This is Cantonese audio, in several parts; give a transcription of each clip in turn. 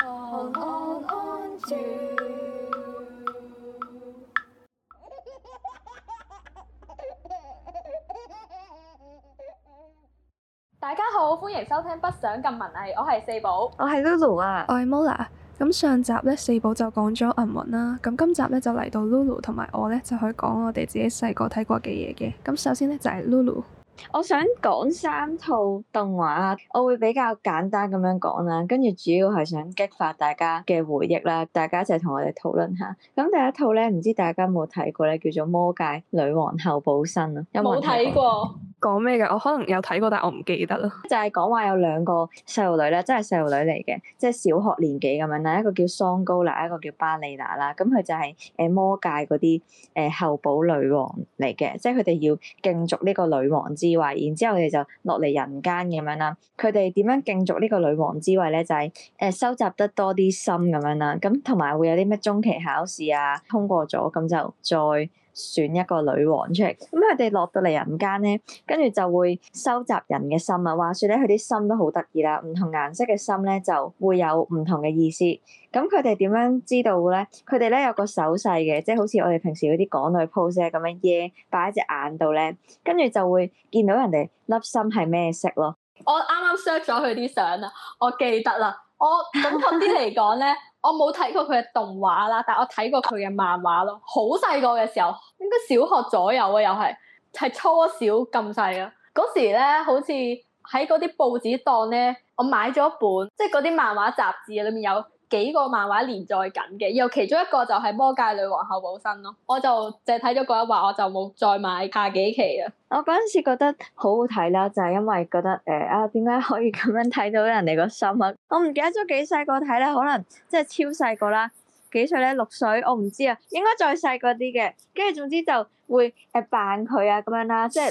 All, all, on, 大家好，歡迎收聽《不想咁文藝》。我是，我係四寶，我係 Lulu 啊，我係 Mola。咁上集呢，四寶就講咗銀魂啦。咁今集呢，就嚟到 Lulu 同埋我呢，就去講我哋自己細個睇過嘅嘢嘅。咁首先呢，就係、是、Lulu。我想講三套動畫，我會比較簡單咁樣講啦，跟住主要係想激發大家嘅回憶啦，大家一齊同我哋討論下。咁第一套咧，唔知大家有冇睇過咧，叫做《魔界女王候補生》啊，有冇睇過？講咩嘅？我可能有睇過，但係我唔記得啦。就係講話有兩個細路女咧，真係細路女嚟嘅，即係小學年紀咁樣。一個叫桑高娜，一個叫巴莉娜啦。咁佢就係誒魔界嗰啲誒候補女王嚟嘅，即係佢哋要競逐呢個女王之位。然之後佢哋就落嚟人間咁樣啦。佢哋點樣競逐呢個女王之位咧？就係、是、誒收集得多啲心咁樣啦。咁同埋會有啲咩中期考試啊？通過咗咁就再。選一個女王出嚟，咁佢哋落到嚟人間咧，跟住就會收集人嘅心啊！話說咧，佢啲心都好得意啦，唔同顏色嘅心咧就會有唔同嘅意思。咁佢哋點樣知道咧？佢哋咧有個手勢嘅，即係好似我哋平時嗰啲港女 pose 咁樣 yeah，嘢，擺喺隻眼度咧，跟住就會見到人哋粒心係咩色咯。我啱啱 search 咗佢啲相啊，我記得啦，我咁同啲嚟講咧。 我冇睇過佢嘅動畫啦，但我睇過佢嘅漫畫咯。好細個嘅時候，應該小學左右啊又，又係係初小咁細啊。嗰時咧，好似喺嗰啲報紙檔咧，我買咗一本，即係嗰啲漫畫雜誌裏面有，幾個漫畫連載緊嘅，又其中一個就係《魔界女王候補生》咯。我就淨係睇咗嗰一話，我就冇再買下幾期啦。我嗰陣時覺得好好睇啦，就係、是、因為覺得誒、呃、啊，點解可以咁樣睇到人哋個心啊？我唔記得咗幾細個睇咧，可能即係超細個啦，幾歲咧？六歲我唔知啊，應該再細個啲嘅。跟住總之就。會誒扮佢啊咁樣啦，即係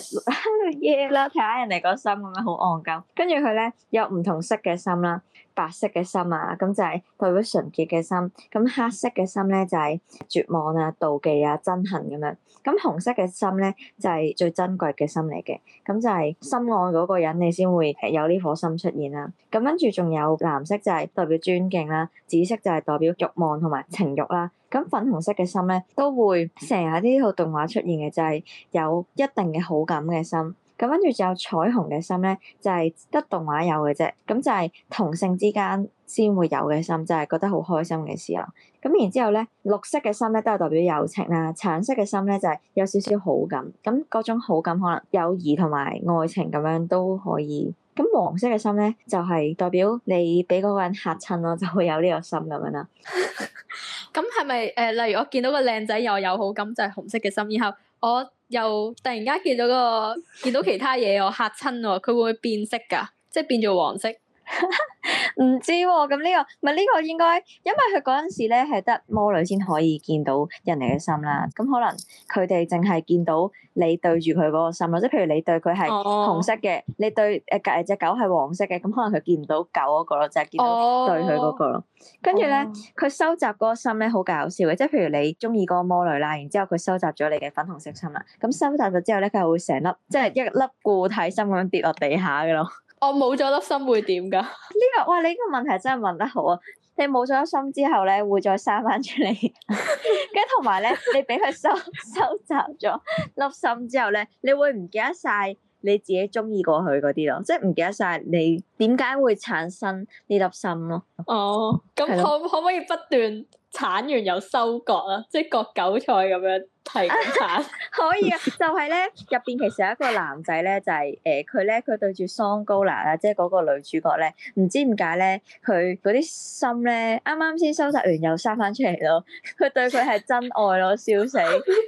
嘢啦，睇 下 Yeah, 人哋個心咁樣好戇鳩。跟住佢咧有唔同色嘅心啦，白色嘅心啊，咁就係代表純潔嘅心；咁黑色嘅心咧就係、是、絕望啊、妒忌啊、憎恨咁、啊、樣。咁紅色嘅心咧就係、是、最珍貴嘅心嚟嘅，咁就係深愛嗰個人你先會有呢顆心出現啦、啊。咁跟住仲有藍色就係代表尊敬啦、啊，紫色就係代表慾望同埋情慾啦、啊。咁粉紅色嘅心咧，都會成日呢套動畫出現嘅，就係有一定嘅好感嘅心。咁跟住仲有彩虹嘅心咧，就係得動畫有嘅啫。咁就係同性之間先會有嘅心，就係覺得好開心嘅事啦。咁然之後咧，綠色嘅心咧都係代表友情啦。橙色嘅心咧就係有少少好感，咁嗰種好感可能友誼同埋愛情咁樣都可以。咁黃色嘅心咧，就係代表你俾嗰個人嚇親咯，就會有呢個心咁樣啦。咁係咪誒？例如我見到個靚仔又有好感，就係紅色嘅心。然後我又突然間見到個，見到其他嘢，我嚇親喎，佢會變色噶，即係變做黃色。唔 知喎、啊，咁呢、呢個咪呢個應該，因為佢嗰陣時咧係得魔女先可以見到人哋嘅心啦。咁可能佢哋淨係見到你對住佢嗰個心咯，即係譬如你對佢係紅色嘅，oh. 你對誒隔籬隻狗係黃色嘅，咁可能佢見唔到狗嗰、嗰個咯，就係見到對佢嗰、嗰個咯。Oh. 跟住咧，佢、oh. 收集嗰個心咧好搞笑嘅，即係譬如你中意嗰個魔女啦，然之後佢收集咗你嘅粉紅色心啦，咁收集咗之後咧，佢會成粒即係一粒固體心咁樣跌落地下嘅咯。我冇咗粒心會點噶？呢個，哇！你呢個問題真係問得好啊！你冇咗粒心之後咧，會再生翻出嚟，跟住同埋咧，你俾佢收收集咗粒心之後咧，你會唔記得晒你自己中意過去嗰啲咯？即係唔記得晒你點解會產生呢粒心咯？哦，咁可了可唔可以不斷？產完又收割啦，即係割韭菜咁樣係產 可以啊，就係咧入邊其實有一個男仔咧就係誒佢咧佢對住桑高娜啦，即係嗰個女主角咧，唔知點解咧佢嗰啲心咧啱啱先收集完又生翻出嚟咯，佢對佢係真愛咯，笑死！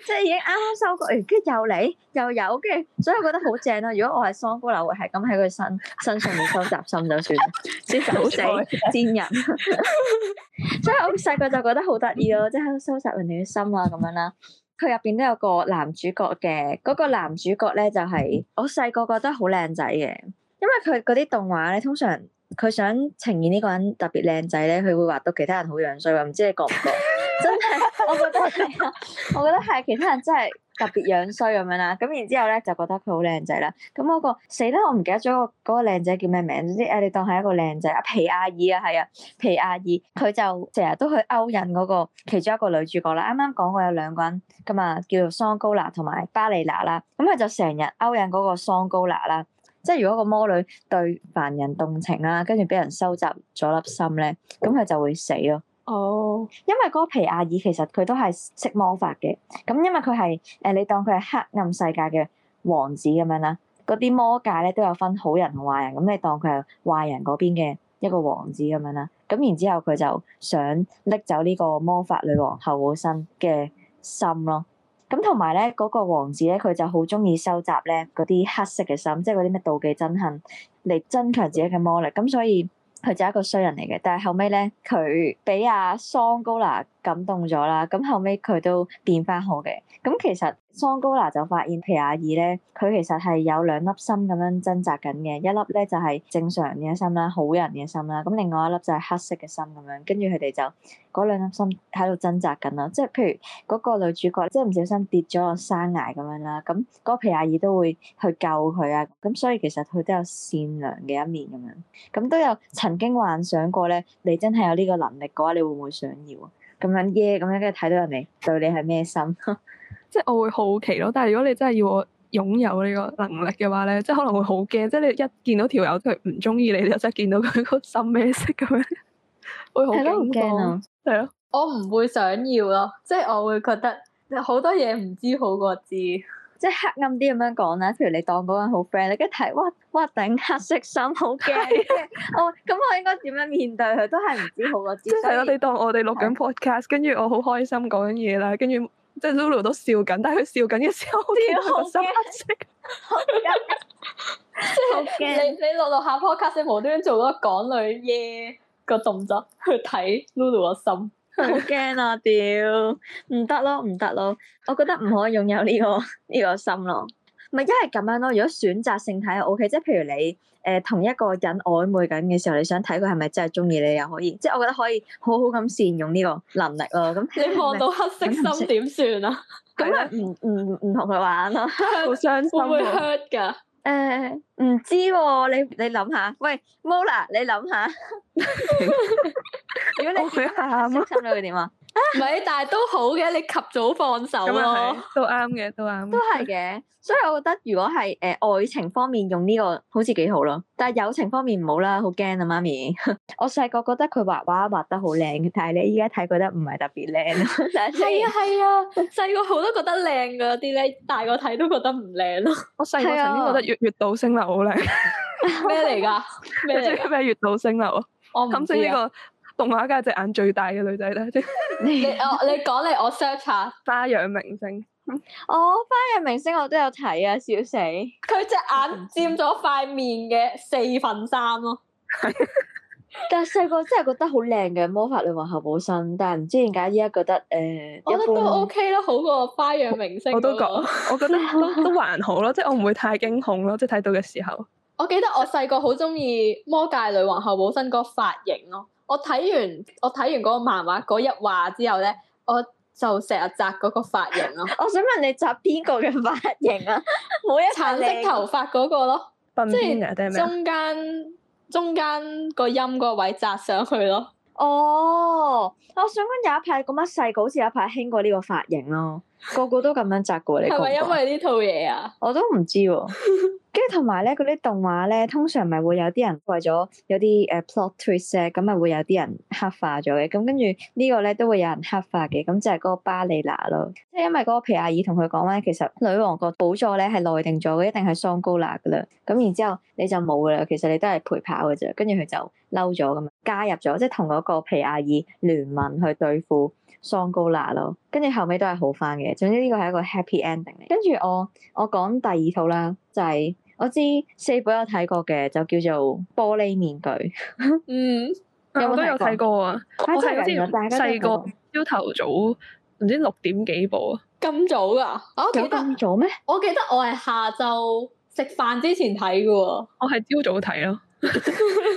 即係已經啱啱收割完，跟住又嚟又有，跟住所以我覺得好正咯，啊。如果我係桑高娜，我係咁喺佢身身上面收集心就算，即好死！奸 真人， 所以我細個就覺得好得意咯，即係喺度收集人哋嘅心啊，咁樣啦。佢入邊都有個男主角嘅，嗰、嗰個男主角咧就係、係、我細個覺得好靚仔嘅，因為佢嗰啲動畫咧，通常佢想呈現呢個人特別靚仔咧，佢會畫到其他人好樣衰。話唔知你覺唔覺？真係，我覺得係， 我覺得係，其他人真係。 特別樣衰咁樣啦，咁然之後咧就覺得佢好靚仔啦。咁嗰個死啦，我唔記得咗個嗰個靚仔叫咩名，總之誒你當係一個靚仔啊，皮亞爾啊，係啊，皮亞爾，佢就成日都去勾引嗰個其中一個女主角啦。啱啱講過有兩個人噶嘛，叫做桑高娜同埋巴麗娜啦。咁佢就成日勾引嗰個桑高娜啦，即係如果個魔女對凡人動情啦，跟住俾人收集咗粒心咧，咁佢就會死咯。好，oh, 因為嗰皮亞爾其實佢都係識魔法嘅，咁因為佢係誒，你當佢係黑暗世界嘅王子咁樣啦，嗰啲魔界咧都有分好人同壞人，咁你當佢係壞人嗰邊嘅一個王子咁樣啦，咁然之後佢就想拎走呢個魔法女王後生嘅心咯，咁同埋咧嗰個王子咧佢就好中意收集咧嗰啲黑色嘅心，即係嗰啲咩妒忌、憎恨嚟增強自己嘅魔力，咁所以。佢就係一個衰人嚟嘅，但係後尾咧，佢俾阿桑高娜。感動咗啦，咁後尾，佢都變翻好嘅。咁其實桑高娜就發現皮亞爾咧，佢其實係有兩粒心咁樣掙扎緊嘅，一粒咧就係正常嘅心啦，好人嘅心啦。咁另外一粒就係黑色嘅心咁樣，跟住佢哋就嗰兩粒心喺度掙扎緊啦。即係譬如嗰個女主角，即係唔小心跌咗落山崖咁樣啦，咁嗰皮亞爾都會去救佢啊。咁所以其實佢都有善良嘅一面咁樣，咁都有曾經幻想過咧，你真係有呢個能力嘅話，你會唔會想要？咁樣耶，咁樣嘅睇到人哋對你係咩心， 即係我會好奇咯。但係如果你真係要我擁有呢個能力嘅話咧，即係可能會好驚。即係你一見到條友佢唔中意你，又真係見到佢個心咩色咁樣， 會好驚啊！驚，係咯，我唔會想要咯，即係我會覺得好多嘢唔知好過知。即係黑暗啲咁樣講啦，譬如你當嗰個人好 friend，你一睇，哇哇頂，黑色心，好驚！哦，咁我應該點樣面對佢？都係唔知好個知識。即係你當我哋錄緊 podcast，跟住我好開心講緊嘢啦，跟住即係 Lulu 都笑緊，但係佢笑緊嘅時候好驚。黑色心。即係你你錄錄下 podcast 無端端做咗港女嘢個動作去睇 Lulu 個心。好驚 啊！屌 moved. s ese，唔得咯，唔得咯！我覺得唔可以擁有呢個呢個心咯，咪一係咁樣咯。如果選擇性睇又 O K，即係譬如你誒、呃、同一個人曖昧緊嘅時候，你想睇佢係咪真係中意你又可以，即係我覺得可以好好咁善用呢個能力咯。咁、嗯、 一你望到黑色心點算啊？咁咪唔唔唔同佢玩咯，好傷心會 hurt 㗎。 誒，唔、uh，知喎、哦，你你諗下，喂 Mola，你諗下， 如果你佢下，冇心 會哭 到佢點啊？唔係、啊，但係都好嘅，你及早放手咯，都啱嘅，都啱。 都係嘅，所以我覺得如果係誒、呃、愛情方面用呢、呢個好似幾好咯，但係友情方面唔好啦，好驚啊，媽咪。 我細個覺得佢畫畫畫得好靚，但係你依家睇覺得唔係特別靚咯。係啊係啊，細個好多覺得靚嗰啲咧，大個睇都覺得唔靚咯。 我細個、啊、曾經覺得月月島星流好靚，咩嚟㗎？ 你知唔知咩月島星流啊？我唔知。動畫家隻眼最大嘅女仔咧， 你我你講嚟我 search 下《花樣明星。》 我、哦《花樣明星》我都有睇啊，笑死！佢隻的眼佔咗塊面嘅四分三咯、哦。 但係細個真係覺得好靚嘅《魔法女王候補生》，但係唔知點解依家覺得誒、呃 OK 那個，我覺得都 OK 咯，好過《花樣明星》。我都講，我覺得都都還好咯，即係我唔會太驚恐咯。即係睇到嘅時候， 我記得我細個好中意《魔界女王候補生》嗰個髮型咯。我睇完我睇完嗰個漫畫嗰一話之後咧，我就成日紮嗰個髮型咯。我想問你紮邊個嘅髮型啊？每一橙色頭髮嗰個咯，即係中間中間個音嗰個位紮上去咯。哦，我想問有一排咁樣細個，好似有一排興過呢個髮型咯。個個都咁樣扎過你，係咪因為呢套嘢啊？我都唔知、啊， 跟住同埋咧，嗰啲動畫咧，通常咪會有啲人為咗有啲誒、uh, plot twist 咁，咪會有啲人黑化咗嘅。咁跟住呢個咧都會有人黑化嘅，咁就係嗰個巴里娜咯。即係因為嗰個皮亞爾同佢講咧，其實女王個寶座咧係內定咗嘅，一定係桑高娜噶啦。咁然之後你就冇噶啦，其實你都係陪跑噶啫。跟住佢就嬲咗咁啊，加入咗即係同嗰個皮亞爾聯盟去對付。桑高乸咯，跟住後尾都係好返嘅。總之呢個係一個 happy ending 嚟。跟住我我講第二套啦，就係、是、我知四寶有睇過嘅，就叫做玻璃面具。嗯，有冇、啊，我都有睇過啊。我睇之前細個朝頭早，唔知六點幾播啊？咁早噶？有咁早咩？我記得我係下晝食飯之前睇嘅。我係朝早睇咯。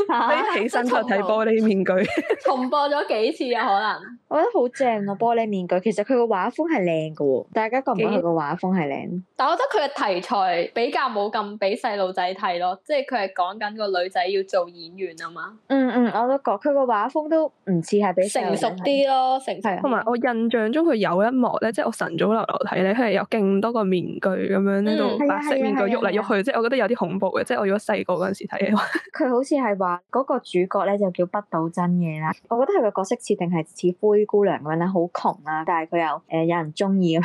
飛、啊、起身就睇玻璃面具， 重播咗幾次啊？可能 我覺得好正啊！玻璃面具其實佢個畫風係靚噶，大家覺唔覺佢個畫風係靚？但我覺得佢嘅題材比較冇咁俾細路仔睇咯，即係佢係講緊個女仔要做演員啊嘛。嗯嗯，我都覺佢個畫風都唔似係俾成熟啲咯、喔，成熟。同埋我印象中佢有一幕咧，即、就、係、是、我晨早流流睇咧，佢係有勁多個面具咁樣呢度，白色面具喐嚟喐去，即係、啊啊、我覺得有啲恐怖嘅。即、就、係、是、我如果細個嗰陣時睇嘅話，佢 好似係話。嗰個主角咧就叫北島真夜啦，我覺得佢個角色設定係似灰姑娘咁樣，好窮啊，但係佢又誒、呃、有人中意，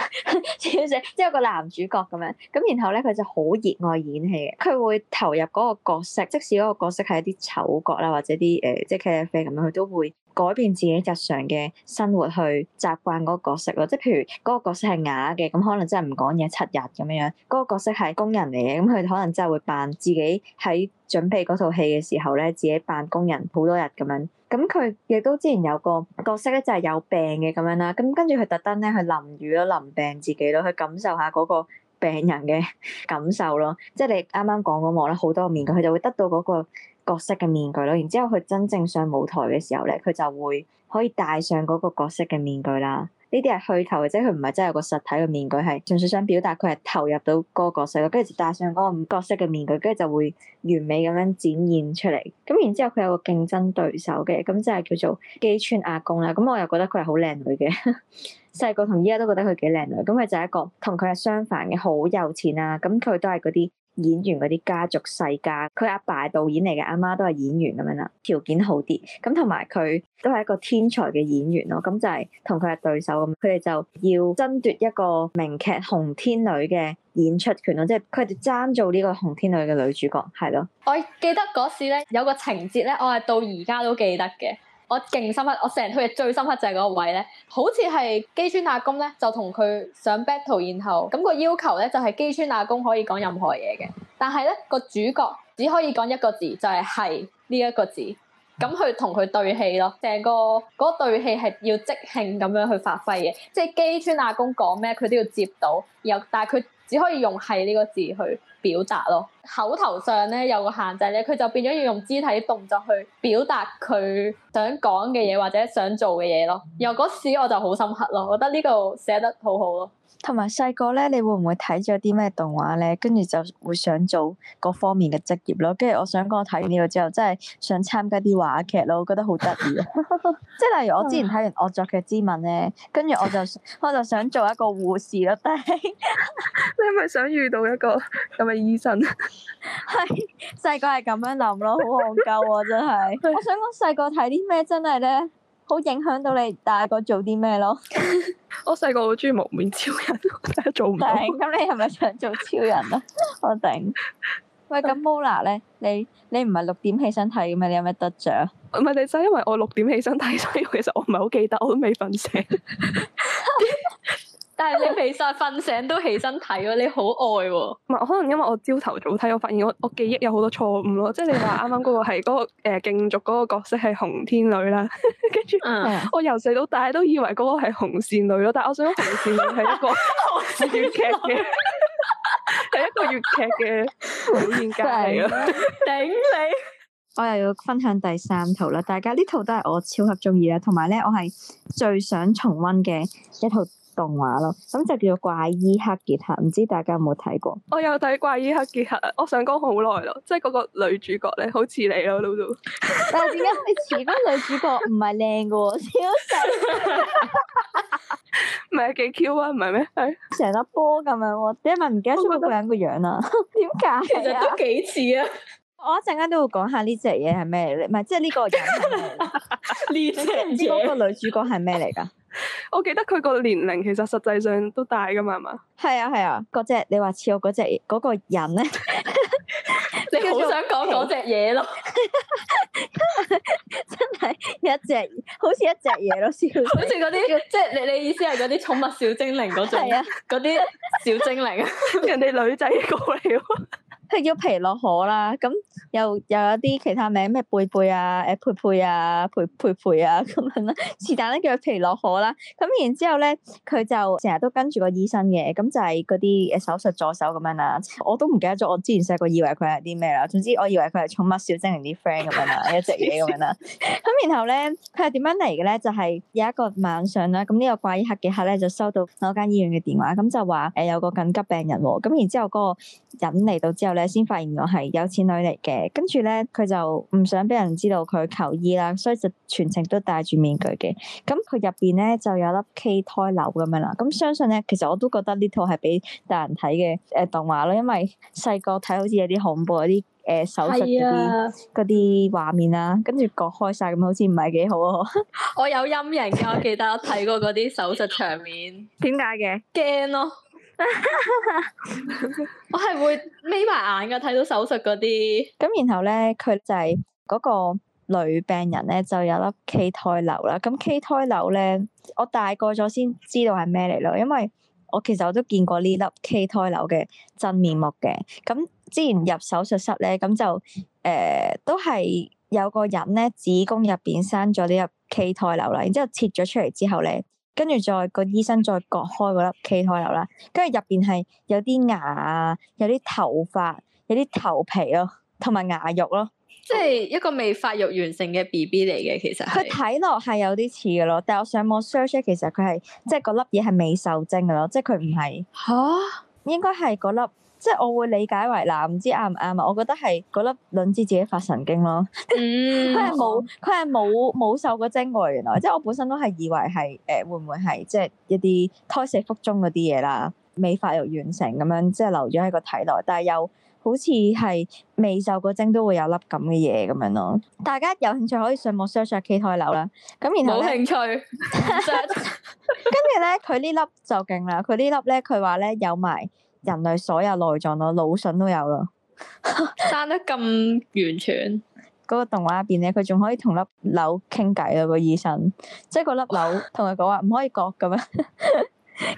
即係即係有個男主角咁樣。咁然後咧佢就好熱愛演戲嘅，佢會投入嗰個角色，即使嗰個角色係一啲醜角啦，或者啲誒、呃、即係茄哩啡咁樣，佢都會。改變自己日常嘅生活去習慣嗰個角色咯，即係譬如嗰個角色係啞嘅，咁可能真係唔講嘢七日咁樣樣；嗰個角色係工人嚟嘅，咁佢可能真係會扮自己喺準備嗰套戲嘅時候咧，自己扮工人好多日咁樣。咁佢亦都之前有個角色咧，就係有病嘅咁樣啦。咁跟住佢特登咧去淋雨咯，淋病自己咯，去感受下嗰個病人嘅感受咯。即係你啱啱講嗰幕咧，好多面具，佢就會得到嗰個。角色嘅面具咯，然之後佢真正上舞台嘅時候咧，佢就會可以戴上嗰個角色嘅面具啦。呢啲係虛構嘅，即係佢唔係真係有個實體嘅面具，係純粹想表達佢係投入到嗰個角色咯。跟住就戴上嗰個角色嘅面具，跟住就會完美咁樣展現出嚟。咁然之後佢有個競爭對手嘅，咁即係叫做姬川亞弓啦。咁我又覺得佢係好靚女嘅，細個同依家都覺得佢幾靚女。咁佢就係一個同佢係相反嘅，好有錢啊！咁佢都係嗰啲。演員嗰啲家族世家，佢阿爸導演嚟嘅，阿媽都係演員咁樣啦，條件好啲。咁同埋佢都係一個天才嘅演員咯。咁就係同佢係對手，佢哋就要爭奪一個名劇《紅天女》嘅演出權咯。即係佢哋爭做呢個紅天女嘅女主角，係咯。我記得嗰時咧，有個情節咧，我係到而家都記得嘅。我勁深刻，我成套嘢最深刻就係嗰個位咧，好似係姬川亞弓咧，就同佢上 battle，然後咁、那個要求咧就係、是、姬川亞弓可以講任何嘢嘅，但係咧、那個主角只可以講一個字，就係係呢一個字，咁去同佢對戲咯，成個嗰、那個、對戲係要即興咁樣去發揮嘅，即係姬川亞弓講咩佢都要接到，然後但係佢。只可以用係呢個字去表達咯，口頭上咧有個限制咧，佢就變咗要用肢體動作去表達佢想講嘅嘢或者想做嘅嘢咯。然後嗰時我就好深刻咯，我覺得呢個寫得好好咯。同埋細個咧，你會唔會睇咗啲咩動畫咧？跟住就會想做各方面嘅職業咯。跟住我想講，我睇完呢個之後，真係想參加啲話劇咯，我覺得好得意啊！ 即係例如我之前睇完《惡作劇之吻》咧，跟住我就我就想做一個護士咯。但係 你係咪想遇到一個咁嘅醫生？係細個係咁樣諗咯，好戇鳩啊！真係， 我想講細個睇啲咩真係咧。好影響到你大個做啲咩咯？ 我細個好中意幪面超人，真 係做唔不到。咁 你係咪想做超人啊？我頂。喂，咁 Mola 咧，你你唔係六點起身睇嘅咩？你有咩得著啊？唔係，就係、是、因為我六點起身睇，所以其實我唔係好記得，我都未瞓醒。 但係你其實瞓醒都起身睇喎，啊，你好愛喎，啊。唔係，可能因為我朝頭早睇，我發現我我記憶有好多錯誤咯。即、就、係、是、你話啱啱嗰個係嗰、那個誒，競逐嗰個角色係紅天女啦，跟 住我由細到大都以為嗰個係紅線女咯。但係我想紅線女係一個粵劇嘅，係 一個粵劇嘅表演員嚟啊！頂 頂你 ！我又要分享第三套啦，大家呢套都係我超級中意啦，同埋咧我係最想重溫嘅一套。動畫咯，咁就叫做怪醫黑傑克，唔知大家有冇睇過？我有睇怪醫黑傑克，我想講好耐咯，即係嗰個女主角咧，好似你咯，老豆。但係點解你似嗰個女主角唔係靚噶？超細，唔係幾 Q 啊？唔係咩？成粒波咁樣，點解唔記得咗嗰個人個樣啊？點解？其實都幾似啊！我一陣間都會講下呢隻嘢係咩嚟，唔係即係呢個人係咩嚟？你知唔知個女主角係咩嚟噶？我記得佢個年齡其實實際上都大噶嘛，係嘛？係啊係啊，嗰隻你話似我嗰隻嗰個人咧，你好 做想講嗰隻嘢咯， 真係真係一隻好似一隻嘢咯，笑，好似嗰啲即係你你意思係嗰啲寵物小精靈嗰種，嗰啲、啊、小精靈、啊， 人哋女仔過嚟。佢叫皮諾可啦，咁又又有啲其他名咩貝貝啊、誒佩佩啊、佩佩佩啊咁、啊、樣啦，是但咧叫皮諾可啦。咁然之後咧，佢就成日都跟住個醫生嘅，咁就係嗰啲誒手術助手咁樣啦。我都唔記得咗，我之前細個以為佢係啲咩啦。總之我以為佢係寵物小精靈啲 friend 咁樣啦， 一隻嘢咁樣啦。咁 然後咧，佢係點樣嚟嘅咧？就係、是、有一個晚上啦，咁呢個怪客嘅客咧就收到嗰間醫院嘅電話，咁就話誒有個緊急病人喎。咁然之後嗰個人嚟到之後誒，先發現我係有錢女嚟嘅，跟住咧佢就唔想俾人知道佢求醫啦，所以就全程都戴住面具嘅。咁佢入邊咧就有粒畸胎瘤咁樣啦。咁相信咧，其實我都覺得呢套係俾大人睇嘅誒動畫咯，因為細個睇好似有啲恐怖嗰啲誒手術嗰啲啲畫面啦，跟住割開晒咁，好似唔係幾好啊！ 我有陰影㗎，我記得我睇過嗰啲手術場面。點解嘅？驚咯！ 我係會眯埋眼噶，睇到手術嗰啲。咁然後咧，佢就係嗰個女病人咧，就有粒畸胎瘤啦。咁畸胎瘤咧，我大個咗先知道係咩嚟咯。因為我其實我都見過呢粒畸胎瘤嘅真面目嘅。咁之前入手術室咧，咁就誒、呃、都係有個人咧，子宮入邊生咗呢粒畸胎瘤啦。然之後切咗出嚟之後咧。跟住再個醫生再割開嗰粒畸胎瘤啦，跟住入邊係有啲牙啊，有啲頭髮，有啲頭皮咯，同埋牙肉咯，即係一個未發育完成嘅 B B 嚟嘅，其實。佢睇落係有啲似嘅咯，但係我上網 search 咧，其實佢係即係嗰粒嘢係未受精嘅咯，即係佢唔係。嚇、啊！應該係嗰粒。即係我會理解為啦，唔知啱唔啱啊？我覺得係嗰粒卵子自己發神經咯，佢係冇佢係冇冇受過精喎。原來，即係我本身都係以為係誒、呃、會唔會係即係一啲胎死腹中嗰啲嘢啦，未發育完成咁樣，即係留咗喺個體內，但係又好似係未受過精都會有粒咁嘅嘢咁樣咯。大家有興趣可以上網 search、啊、畸胎瘤啦。咁然後冇興趣。跟住咧，佢呢粒就勁啦！佢呢粒咧，佢話咧有埋。人類所有內臟咯，腦笋都有啦，生得咁完全。嗰個動畫入邊咧，佢仲可以同粒瘤傾偈咯，個醫生。即係個粒瘤同佢講話唔可以割咁樣。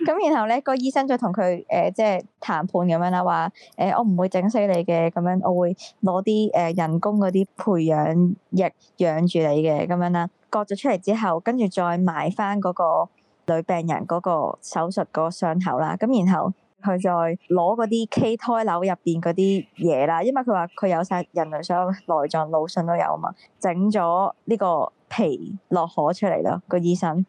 咁然後咧，個醫生就同佢誒，即係談判咁樣啦，話誒，我唔會整死你嘅，咁樣我會攞啲誒人工嗰啲培養液養住你嘅，咁樣啦。割咗出嚟之後，跟住再埋翻嗰個女病人嗰個手術嗰個傷口啦，咁然後。佢再攞嗰啲畸胎瘤入邊嗰啲嘢啦，因為佢話佢有晒人類所有內臟、腦、腎都有啊嘛，整咗呢個皮諾可出嚟咯，個醫生。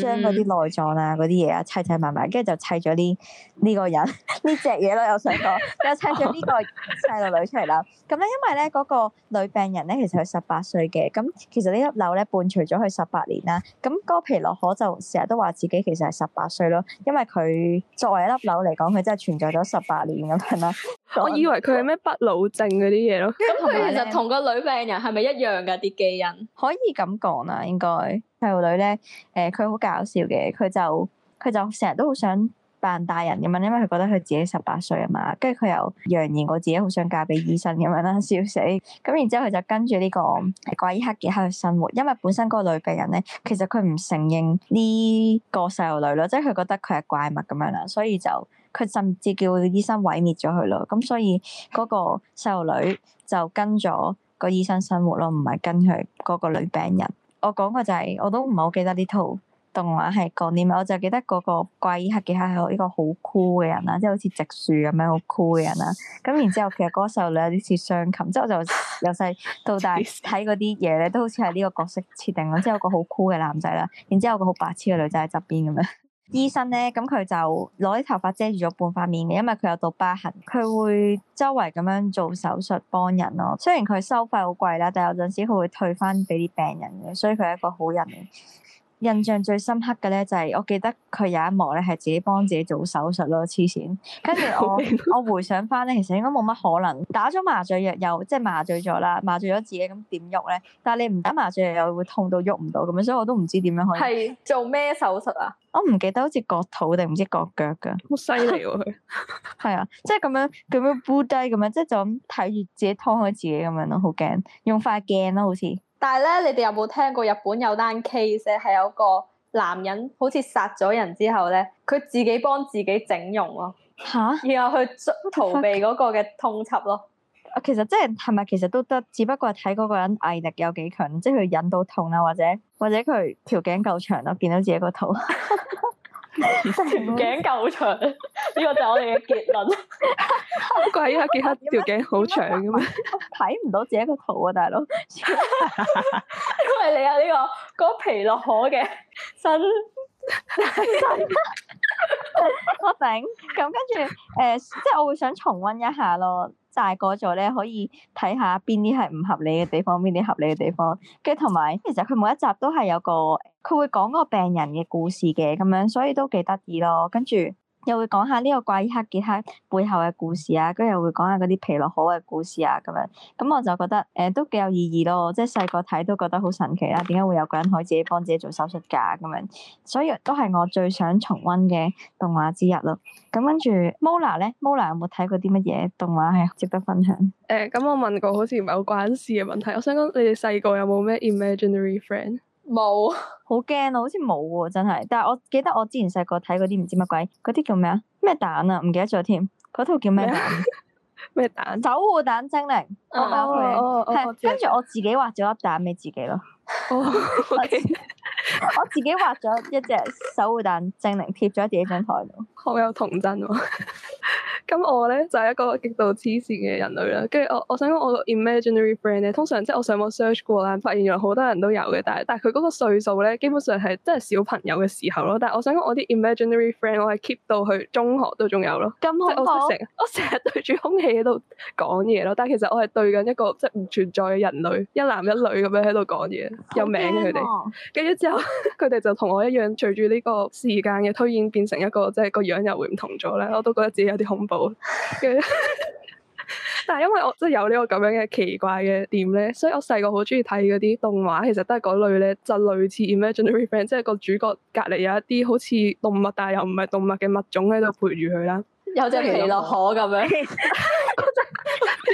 將嗰啲內臟啊，嗰啲嘢啊，砌砌埋埋，跟住就砌咗呢呢個人呢隻嘢咯，有細個，又砌咗呢個細路女出嚟啦。咁咧，因為咧嗰個女病人咧，其實佢十八歲嘅。咁其實呢粒瘤咧伴隨咗佢十八年啦。咁嗰個皮諾可就成日都話自己其實係十八歲咯，因為佢作為一粒瘤嚟講，佢真係存在咗十八年咁樣。我以為佢係咩不老症嗰啲嘢咯。咁佢其實同個女病人係咪一樣噶？啲基因可以咁講啦，應該。細路女咧，誒，佢好搞笑嘅，佢就佢就成日都好想扮大人咁樣，因為佢覺得佢自己十八歲啊嘛，跟住佢又揚言過自己好想嫁俾醫生咁樣啦，笑死！咁然之後佢就跟住呢、這個怪醫黑傑克去生活，因為本身嗰個女病人咧，其實佢唔承認呢個細路女咯，即係佢覺得佢係怪物咁樣啦，所以就佢甚至叫醫生毀滅咗佢咯，咁所以嗰個細路女就跟咗個醫生生活咯，唔係跟佢嗰個女病人。我講個就係、是，我都唔係好記得呢套動畫係講啲咩，我就記得嗰個怪醫黑傑克，係一個好酷嘅人啦，即係好似直樹咁樣好酷嘅人啦。咁然之後，其實歌手女有啲似湘琴，即係 我就由細到大睇嗰啲嘢咧，都好似係呢個角色設定啦，即係有個好酷嘅男仔啦，然之後有個好白痴嘅女仔喺側邊咁樣。醫生咧，咁佢就攞啲頭髮遮住咗半塊面嘅，因為佢有道疤痕。佢會周圍咁樣做手術幫人咯。雖然佢收費好貴啦，但有陣時佢會退翻俾啲病人嘅，所以佢係一個好人嚟。印象最深刻嘅咧，就係我記得佢有一幕咧，係自己幫自己做手術咯，黐線。跟住我 我回想翻咧，其實應該冇乜可能打咗麻醉藥又即係麻醉咗啦，麻醉咗自己咁點喐咧？但係你唔打麻醉藥又會痛到喐唔到咁樣，所以我都唔知點樣可以。係做咩手術啊？我唔記得，好似割肚定唔知割腳㗎。好犀利喎！佢係 啊，即係咁樣咁樣撲低咁樣，即係就咁睇住自己劏開自己咁樣咯，好驚！用塊鏡咯，好似。但係咧，你哋有冇聽過日本有單 case 係有個男人好似殺咗人之後咧，佢自己幫自己整容咯。嚇、啊！然後去逃避嗰個嘅通緝咯。啊，其實即係係咪其實都得，只不過係睇嗰個人毅力有幾強，即係佢忍到痛啊，或者或者佢條頸夠長咯，見到自己個肚、啊。 條頸夠長，呢個就係我哋嘅結論。好過啊，呢刻見黑條頸好長㗎嘛，睇唔到自己個圖啊，大佬。因為 你有、啊、呢、呢個嗰皮落可嘅身身我頂，咁跟住誒，即係我會想重溫一下咯。大個咗咧，可以睇下邊啲係唔合理嘅地方，邊啲合理嘅地方。跟住同埋，其實佢每一集都係有個，佢會講個病人嘅故事嘅咁樣，所以都幾得意咯。跟住。又會講下呢個怪醫黑傑克背後嘅故事啊，跟住又會講下嗰啲皮諾可嘅故事啊，咁樣，咁我就覺得誒、呃、都幾有意義咯，即係細個睇都覺得好神奇啦，點解會有個人可以自己幫自己做手術架咁樣，所以都係我最想重溫嘅動畫之一咯。咁跟住 Mola 咧，Mola 有冇睇過啲乜嘢動畫係值得分享？誒、呃，咁我問過好似唔係好關事嘅問題，我想講你哋細個有冇咩 imaginary friend？冇，好驚啊，好似冇喎，真係。但係我記得我之前細個睇嗰啲唔知乜鬼，嗰啲叫咩啊？咩蛋啊？唔記得咗添，嗰套叫咩蛋？咩 蛋？守護蛋精靈，係、oh。跟住我自己畫咗粒蛋俾自己咯。哦、oh, okay. 我自己畫咗一隻守護蛋精靈貼咗喺自己張台度，好 有童真喎。咁 我咧就係、是、一個極度痴線嘅人類啦。跟住我我想講我 imaginary friend 咧，通常即係我上網 search 過啦，發現原來好多人都有嘅。但係但係佢嗰個歲數咧，基本上係真係小朋友嘅時候咯。但係我想講我啲 imaginary friend，我係 keep 到去中學都仲有咯。咁恐怖！我成日對住空氣喺度講嘢咯，但係其實我係對緊一個即係唔存在嘅人類，一男一女咁樣喺度講嘢，I 有名嘅佢哋，跟住。之後佢哋就同我一樣，隨住呢個時間嘅推演，變成一個即係、就是、個樣又會唔同咗咧。我都覺得自己有啲恐怖。 但係因為我即係有呢個咁樣嘅奇怪嘅點咧，所以我細個好中意睇嗰啲動畫，其實都係嗰類咧，就類似《Imaginary Friend》，即係個主角隔籬有一啲好似動物，但係又唔係動物嘅物種喺度陪住佢啦，有隻皮諾可咁 這樣。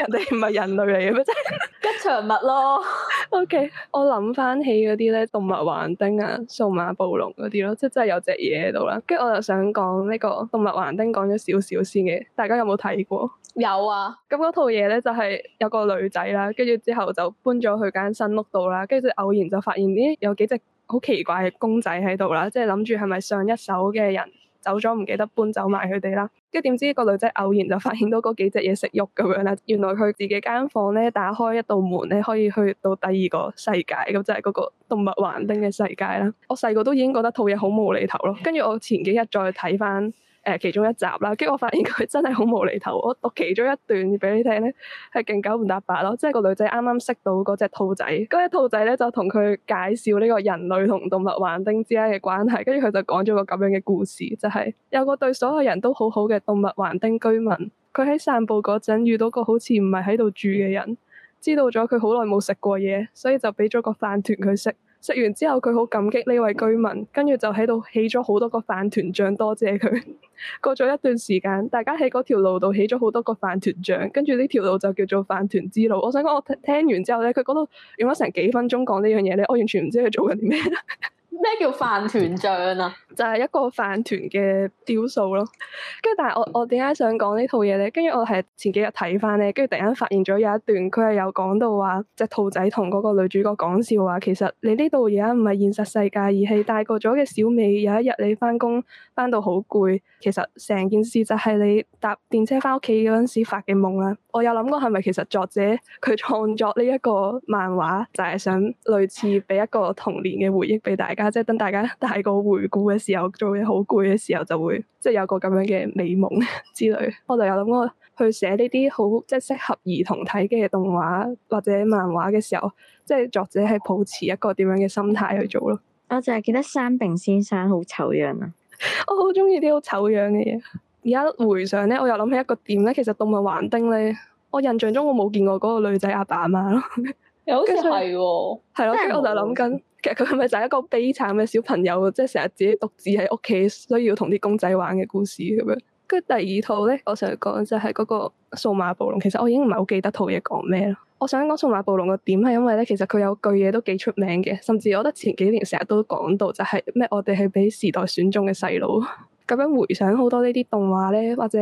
人哋唔係人類嚟嘅咩？即係吉祥物咯。OK，我諗翻起嗰啲咧，動物橫町啊、數碼暴龍嗰啲咯，即係真係有隻嘢喺度啦。跟住我就想講呢個動物橫町，講咗少少先嘅，大家有冇睇過？有啊。咁嗰套嘢咧就係有個女仔啦，跟住之後就搬咗去間新屋度啦，跟住偶然就發現咦，有幾隻好奇怪嘅公仔喺度啦，即係諗住係咪上一手嘅人？走咗唔記得搬走埋佢哋啦，跟住點知個女仔偶然就發現到嗰幾隻嘢，食肉咁樣啦，原來佢自己間房咧打開一道門咧可以去到第二個世界，咁就係嗰個動物橫丁嘅世界啦。我細個都已經覺得套嘢好無厘頭咯，跟住我前幾日再睇翻。誒其中一集啦，跟住我發現佢真係好無厘頭。我讀其中一段俾你聽咧，係勁九唔搭八咯。即係個女仔啱啱識到嗰隻兔仔，嗰隻兔仔咧就同佢介紹呢個人類同動物橫町之間嘅關係。跟住佢就講咗個咁樣嘅故事，就係、是、有個對所有人都好好嘅動物橫町居民，佢喺散步嗰陣遇到個好似唔係喺度住嘅人，知道咗佢好耐冇食過嘢，所以就俾咗個飯團佢食。食完之後佢好感激呢位居民，跟住就喺度起咗好多個飯團像，多謝佢。 過咗一段時間，大家喺嗰條路度起咗好多個飯團像，跟住呢條路就叫做飯團之路。我想講，我聽完之後咧，佢嗰度用咗成幾分鐘講呢樣嘢咧，我完全唔知佢做緊啲咩。咩 叫飯團像啊？就係一個飯團嘅雕塑咯，跟 住但係我我點解想講呢套嘢呢？跟住我係前幾日睇翻呢，跟住突然間發現咗有一段，佢係有講到話隻兔仔同嗰個女主角講笑話，其實你呢度而家唔係現實世界，而係大個咗嘅小美，有一日你翻工翻到好攰，其實成件事就係你搭電車翻屋企嗰陣時發嘅夢啦。我有諗過係咪其實作者佢創作呢一個漫畫就係、是、想類似俾一個童年嘅回憶俾大家，即係等大家大個回顧嘅。時候做嘢好攰嘅時候就會即係有個咁樣嘅美夢之類，我就有諗過去寫呢啲好即係適合兒童睇嘅動畫或者漫畫嘅時候，即係作者係抱持一個點樣嘅心態去做咯。我就係記得三平先生好醜樣啊！我好中意啲好醜樣嘅嘢。而家回想咧，我又諗起一個點咧。其實動物橫町咧，我印象中我冇見過嗰個女仔阿爸阿媽咯，又好似係喎，係咯，跟住我就諗緊。其實佢係咪就係一個悲慘嘅小朋友，即係成日自己獨自喺屋企，需要同啲公仔玩嘅故事咁樣。跟住第二套咧，我成日講就係嗰個《數碼暴龍》。其實我已經唔係好記得套嘢講咩咯。我想講《數碼暴龍》個點係因為咧，其實佢有句嘢都幾出名嘅，甚至我覺得前幾年成日都講到就係咩我哋係俾時代選中嘅細路。咁樣回想好多呢啲動畫咧，或者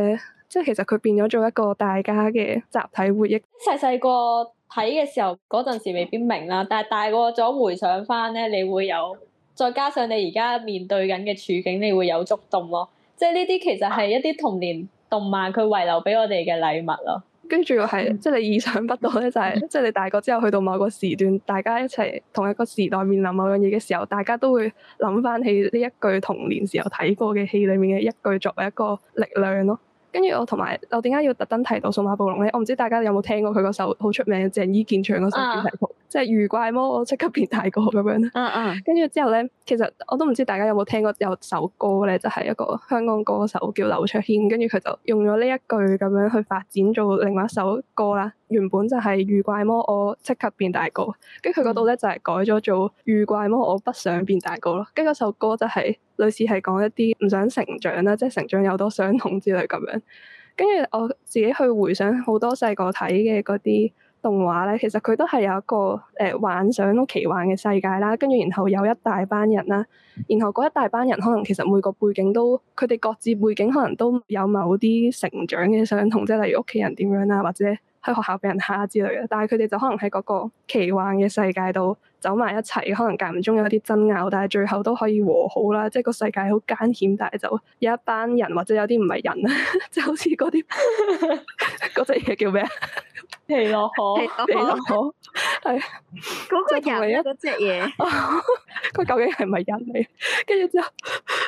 即係其實佢變咗做一個大家嘅集體回憶。細細個，睇嘅時候嗰陣時未必明啦，但係大個咗回想翻咧，你會有再加上你而家面對緊嘅處境，你會有觸動咯。即係呢啲其實係一啲童年動漫佢遺留俾我哋嘅禮物咯。跟住係即係你意想不到咧、就係，嗯、就係即係你大個之後去到某個時段，大家一齊同一個時代面臨某樣嘢嘅時候，大家都會諗翻起呢一句童年時候睇過嘅戲裡面嘅一句，作為一個力量咯。跟住我同埋，我點解要特登提到數碼暴龍咧？我唔知大家有冇聽過佢嗰首好出名鄭伊健唱嗰首主題曲。啊即係遇怪魔，我即刻變大個咁樣啦。嗯嗯。跟住之後咧，其實我都唔知大家有冇聽過有首歌咧，就係一個香港歌手叫劉卓軒，跟住佢就用咗呢一句咁樣去發展做另外一首歌啦。原本就係遇怪魔，我即刻變大個，跟住佢嗰度咧就係改咗做遇怪魔，我不想變大個咯。跟住首歌就係類似係講一啲唔想成長啦，即係成長有多傷痛之類咁樣。跟住我自己去回想好多細個睇嘅嗰啲。動畫咧，其實佢都係有一個誒、呃、幻想奇幻嘅世界啦，跟住然後有一大班人啦，然後嗰一大班人可能其實每個背景都佢哋各自背景可能都有某啲成長嘅相同，即係例如屋企人點樣啦，或者喺學校俾人蝦之類嘅，但係佢哋就可能喺嗰個奇幻嘅世界度走埋一齊，可能間唔中有啲爭拗，但係最後都可以和好啦。即係個世界好艱險，但係就有一班人或者有啲唔係人啦，即 係好似嗰啲嗰隻嘢叫咩啊？ 係咯，好，係咯，好，係。即係同你一隻嘢，佢究竟係咪人嚟？跟住之後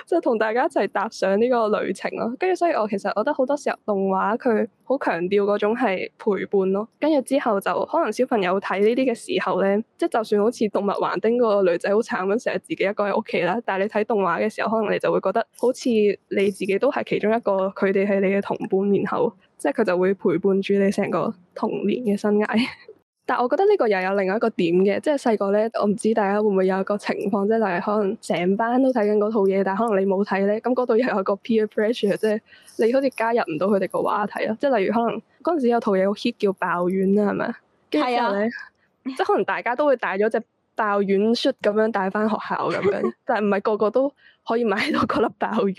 就同大家一齊踏上呢個旅程咯。跟住，所以我其實我覺得好多時候動畫佢好強調嗰種係陪伴咯。跟住之後就，可能小朋友睇呢啲嘅時候咧，即係就算好似《動物橫町》個女仔好慘咁，成日自己一個喺屋企啦，但係你睇動畫嘅時候，可能你就會覺得好似你自己都係其中一個，佢哋係你嘅同伴，然後即係佢就會陪伴住你成個童年。嘅新藝， 但係我覺得呢個又有另外一個點嘅，即係細個咧，我唔知大家會唔會有一個情況，即係可能成班都睇緊嗰套嘢，但係可能你冇睇咧，咁嗰度又有個 peer pressure，即係你好似加入唔到佢哋個話題啊。即係例如可能嗰陣時有套嘢好 hit 叫爆丸啦，係咪？係啊。即係可能大家都會帶咗隻爆丸 shirt 咁樣帶翻學校咁樣， 但係唔係個個都可以買到嗰粒爆丸，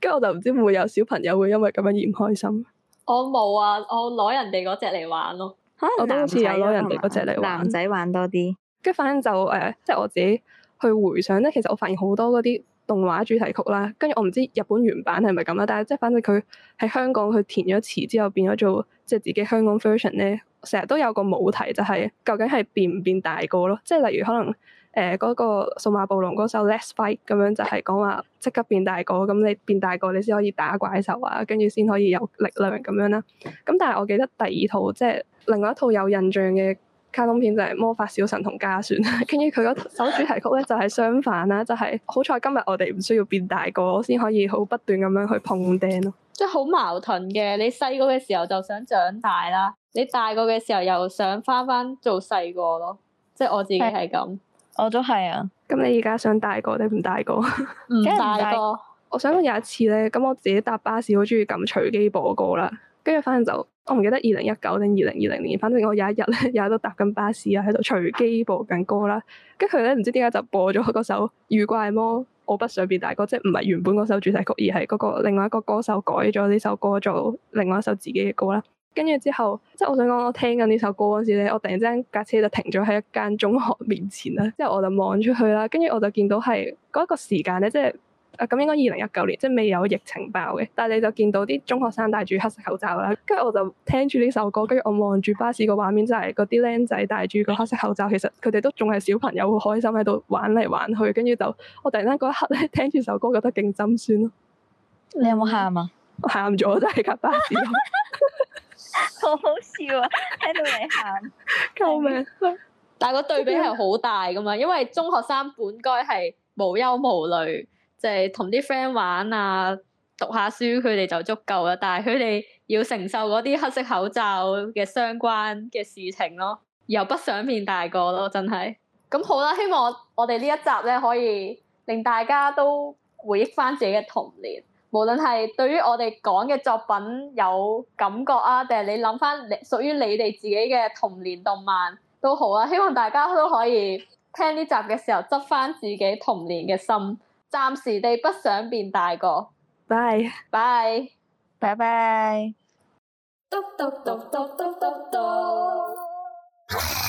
跟住我就唔知會唔會有小朋友會因為咁樣而唔開心。我冇啊！我攞人哋嗰隻嚟玩咯。吓、啊、我都好似有攞人哋嗰隻嚟玩。男仔玩多啲，跟住反正就誒、呃，即係我自己去回想咧。其實我發現好多嗰啲動畫主題曲啦，跟住我唔知日本原版係咪咁啦，但係即係反正佢喺香港佢填咗詞之後變咗做即係自己香港 version 咧。成日都有個母題就係、是、究竟係變唔變大個咯，即係例如可能。誒嗰、呃那個數碼暴龍嗰首 Let's Fight 咁樣就係講話即刻變大個，咁你變大個你先可以打怪獸啊，跟住先可以有力量咁樣啦。咁但係我記得第二套即係、就是、另外一套有印象嘅卡通片就係魔法小神童加旋，跟住佢首主題曲咧就係、是、相反啦，就係、是、好彩今日我哋唔需要變大個先可以好不斷咁樣去碰釘咯、啊。即係好矛盾嘅，你細個嘅時候就想長大啦，你大個嘅時候又想翻翻做細個咯。即係我自己係咁。我都係啊！咁你而家想大個定唔大個？唔 大個。我想有一次咧，咁我自己搭巴士好中意撳隨機播歌啦，跟住反正就我唔記得二零一九定二零二零年，反正我有一日咧又喺度搭緊巴士啊，喺度隨機播緊歌啦，跟住佢咧唔知點解就播咗嗰首《遇怪魔》，我不想變大個，即係唔係原本嗰首主題曲，而係嗰個另外一個歌手改咗呢首歌做另外一首自己嘅歌啦。跟住之後，即係我想講，我聽緊呢首歌嗰時咧，我突然之間架車就停咗喺一間中學面前啦。之後我就望出去啦，跟住我就見到係嗰一個時間咧，即係啊咁應該二零一九年，即係未有疫情爆嘅。但係你就見到啲中學生戴住黑色口罩啦。跟住我就聽住呢首歌，跟住我望住巴士個畫面就係嗰啲靚仔戴住個黑色口罩，其實佢哋都仲係小朋友，好開心喺度玩嚟玩去。跟住就我突然間嗰一刻咧，聽住首歌覺得勁心酸咯。你有冇喊啊？我喊咗，真係架巴士。 好好笑啊！喺度嚟喊，救命！但係個對比係好大噶嘛，因為中學生本該係無憂無慮，就係同啲 friend 玩啊，讀下書佢哋就足夠啦。但係佢哋要承受嗰啲黑色口罩嘅相關嘅事情咯，又不想變大個咯，真係。咁好啦，希望我我哋呢一集咧可以令大家都回憶返自己嘅童年。無論係對於我哋講嘅作品有感覺啊，定係你諗翻你屬於你哋自己嘅童年動漫都好啊！希望大家都可以聽呢集嘅時候執翻自己童年嘅心，暫時地不想變大個。拜拜，拜拜，嘟嘟嘟嘟嘟嘟。y e